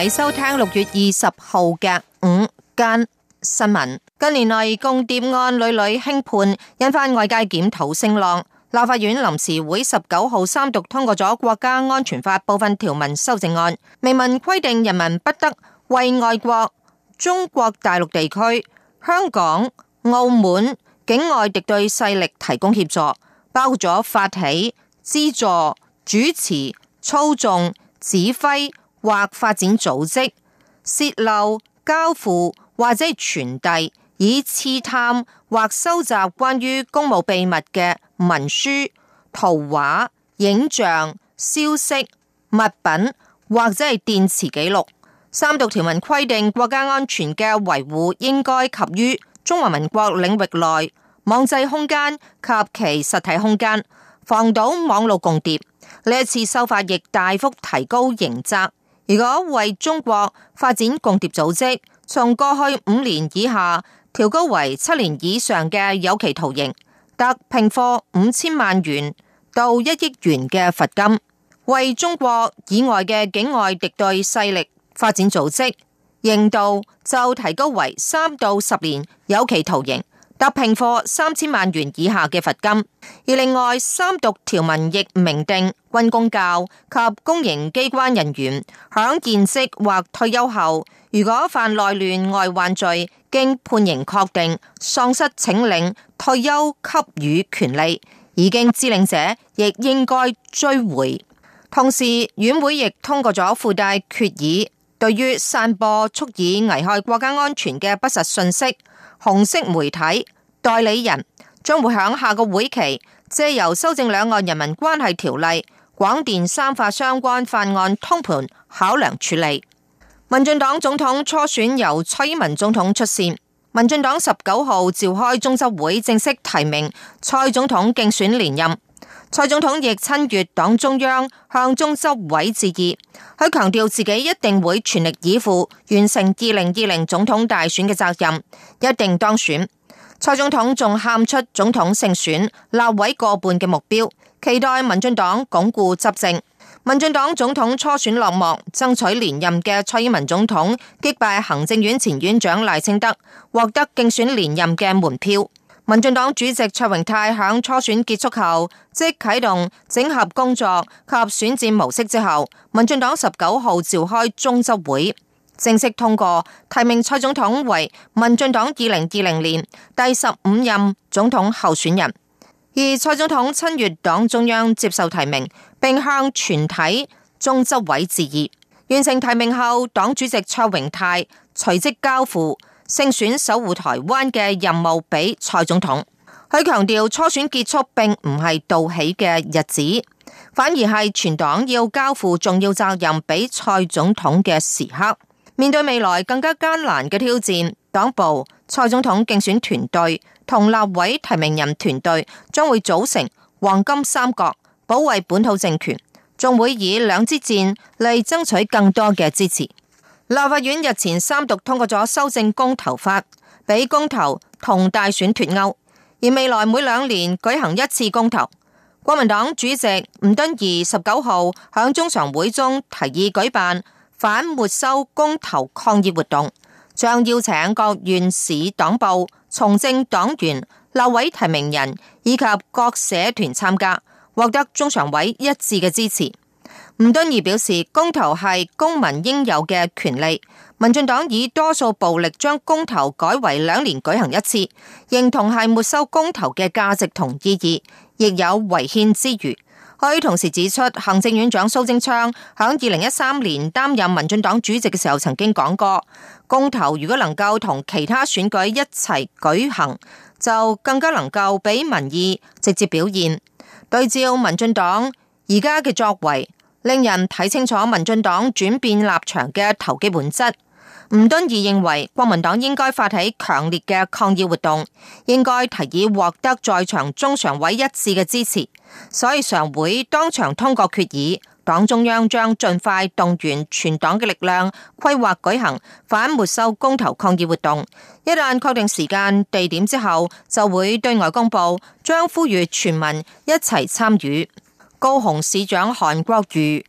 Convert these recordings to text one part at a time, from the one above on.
你收聽六月二十號嘅午間新聞。近年來，共諜案屢屢輕判，引發外界檢討聲浪。立法院臨時會十九號三讀通過咗國家安全法部分條文修正案，明文規定人民不得為外國、中國大陸地區、香港、澳門境外敵對勢力提供協助，包括咗發起、資助、主持、操縱、指揮。或發展組織洩漏、交付或者係傳遞，以刺探或收集關於公務秘密嘅文書、圖畫、影像、消息、物品或者係電磁記錄。三讀條文規定，國家安全嘅維護應該及於中華民國領域內網際空間及其實體空間，防堵網路共諜。呢一次修法亦大幅提高刑責。如果為中國發展共諜組織，從過去五年以下調高為七年以上嘅有期徒刑，得併科五千萬元到一億元嘅罰金；為中國以外嘅境外敵對勢力發展組織，刑度就提高為三到十年有期徒刑。答聘貨三千萬元以下嘅罰金，而另外三讀條文亦明定，軍公教及公營機關人員響現職或退休後，如果犯內亂外患罪，經判刑確定，喪失請領退休給予權利，已經支領者亦應該追回。同時，院會亦通過咗附帶決議，對於散播足以危害國家安全嘅不實信息。紅色媒體代理人，將會響下個會期借由修正兩岸人民關係條例、廣電三法相關法案通盤考量處理。民進黨總統初選由蔡英文總統出線，民進黨十九號召開中執會正式提名蔡總統競選連任。蔡總統亦親越黨中央向中執委致意，佢強調自己一定會全力以赴完成二零二零總統大選嘅責任，一定當選。蔡總統仲喊出總統勝選、立委過半嘅目標，期待民進黨鞏固執政。民進黨總統初選落幕，爭取連任嘅蔡英文總統擊敗行政院前院長賴清德，獲得競選連任嘅門票。民進黨主席卓榮泰響初選結束後，即啟動整合工作及選戰模式之後，民進黨十九號召開中執會，正式通過提名蔡總統為民進黨二零二零年第十五任總統候選人。而蔡總統親閱黨中央接受提名，並向全體中執委致意。完成提名後，黨主席卓榮泰隨即交付。勝選守護台灣嘅任務俾蔡總統，佢強調初選結束並唔係道喜嘅日子，反而係全黨要交付重要責任俾蔡總統嘅時刻。面對未來更加艱難嘅挑戰，黨部、蔡總統競選團隊同立委提名人團隊將會組成黃金三角，保衛本土政權，仲會以兩支戰嚟爭取更多嘅支持。立法院日前三讀通過咗修正公投法，俾公投同大選脫鈎，而未來每兩年舉行一次公投。國民黨主席吳敦義十九號響中常會中提議舉辦反沒收公投抗議活動，將邀請各縣市黨部、從政黨員、立委提名人以及各社團參加，獲得中常委一致嘅支持。吳敦義表示，公投係公民應有嘅權利。民進黨以多數暴力將公投改為兩年舉行一次，認同係沒收公投嘅價值同意義，亦有違憲之余，可以同時指出，行政院長蘇貞昌響二零一三年擔任民進黨主席嘅時候，曾經講過公投如果能夠同其他選舉一齊舉行，就更加能夠俾民意直接表現。對照民進黨而家嘅作為。令人睇清楚民進黨轉變立場嘅投機本質。吳敦義認為國民黨應該發起強烈嘅抗議活動，應該提議獲得在場中常委一致嘅支持，所以常會當場通過決議。黨中央將盡快動員全黨嘅力量，規劃舉行反沒收公投抗議活動。一旦確定時間、地點之後，就會對外公布，將呼籲全民一齊參與。高雄市長韓國瑜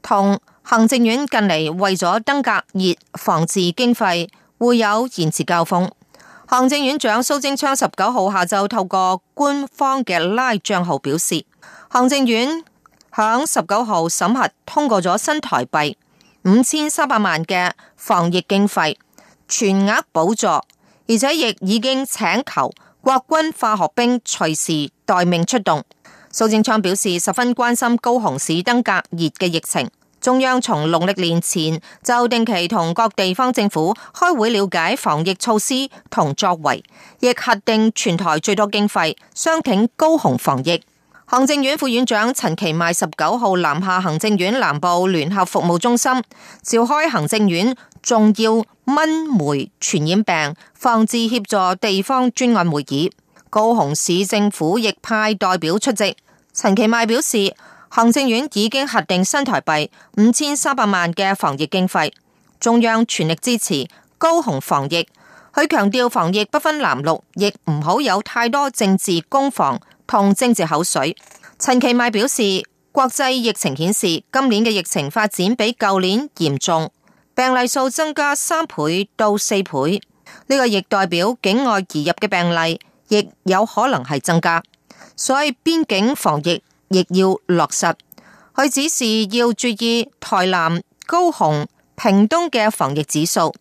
同行政院近嚟為咗登革熱防治經費會有延遲交鋒，行政院長蘇貞昌十九號下晝透過官方嘅 LINE 賬號表示，行政院響十九號審核通過咗新台幣五千三百萬嘅防疫經費全額補助，而且亦已經請求國軍化學兵隨時待命出動。蘇貞昌表示，十分關心高雄市登革熱嘅疫情，中央從農曆年前就定期同各地方政府開會了解防疫措施同作為，亦核定全台最多經費，相挺高雄防疫。行政院副院長陳其邁十九號南下行政院南部聯合服務中心，召開行政院重要蚊媒傳染病防治協助地方專案會議。高雄市政府亦派代表出席。陳其邁表示，行政院已經核定新台幣五千三百萬嘅防疫經費，中央全力支持高雄防疫。佢強調防疫不分藍綠，亦唔好有太多政治攻防同政治口水。陳其邁表示，國際疫情顯示今年嘅疫情發展比舊年嚴重，病例數增加三倍到四倍。呢、這個亦代表境外移入嘅病例。亦有可能係增加，所以邊境防疫亦要落實。佢指示要注意台南、高雄、屏東嘅防疫指數，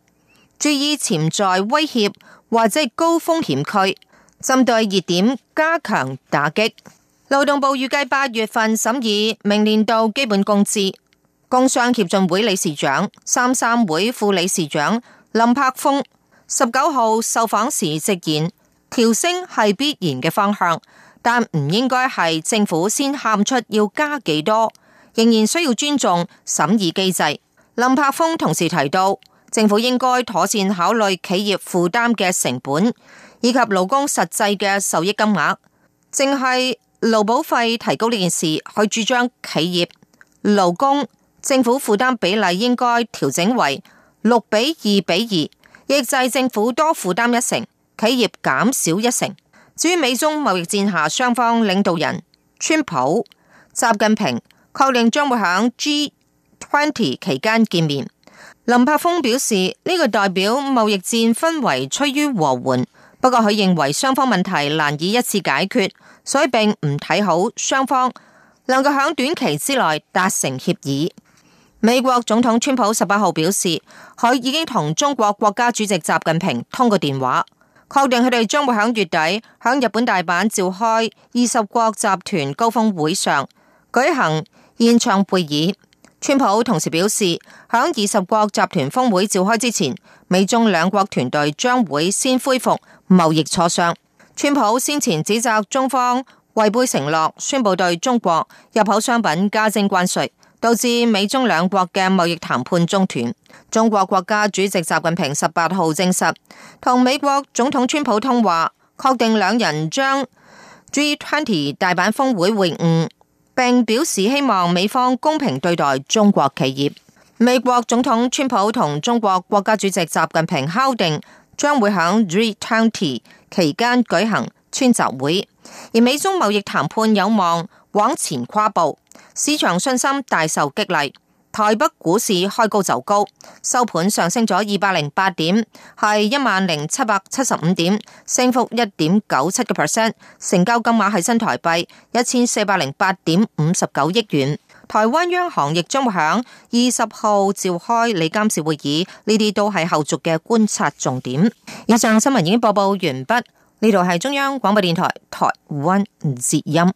注意潛在威脅或者高風險區，針對熱點加強打擊。勞動部預計八月份審議明年度基本工資。工商協進會理事長、三三會副理事長林伯豐十九號受訪時直言。調升係必然嘅方向，但唔應該係政府先喊出要加幾多，仍然需要尊重審議機制。林伯豐同時提到，政府應該妥善考慮企業負擔嘅成本以及勞工實際嘅受益金額。淨係勞保費提高呢件事，佢主張企業、勞工、政府負擔比例應該調整為六比二比二，亦即係政府多負擔一成。企業減少一成。至於美中貿易戰下，雙方領導人川普、習近平確定將會響 G20 期間見面。林伯豐表示呢個代表貿易戰氛圍趨於和緩，不過佢認為雙方問題難以一次解決，所以並唔睇好雙方能夠響短期之內達成協議。美國總統川普十八號表示，佢已經同中國國家主席習近平通過電話。確定佢哋將會喺月底喺日本大阪召開二十國集團高峰會上舉行現場會議。川普同時表示，喺二十國集團峰會召開之前，美中兩國團隊將會先恢復貿易磋商。川普先前指責中方違背承諾，宣布對中國入口商品加徵關稅。導致美中兩國嘅貿易談判中斷。中國國家主席習近平十八號證實，同美國總統川普通話，確定兩人將 G20 大阪峰會會晤，並表示希望美方公平對待中國企業。美國總統川普同中國國家主席習近平敲定，將會喺 G20 期間舉行川習會，而美中貿易談判有望往前跨步，市場信心大受激勵。台北股市開高就高，收盤上升咗二百零八點，係一萬零七百七十五點，升幅一點九七個 percent，成交金額係新台幣一千四百零八點五十九億元。台灣央行亦將會響二十號召開理監事會議，呢啲都係後續嘅觀察重點。以上新聞已經播報完畢，呢度係中央廣播電台台灣唔節音。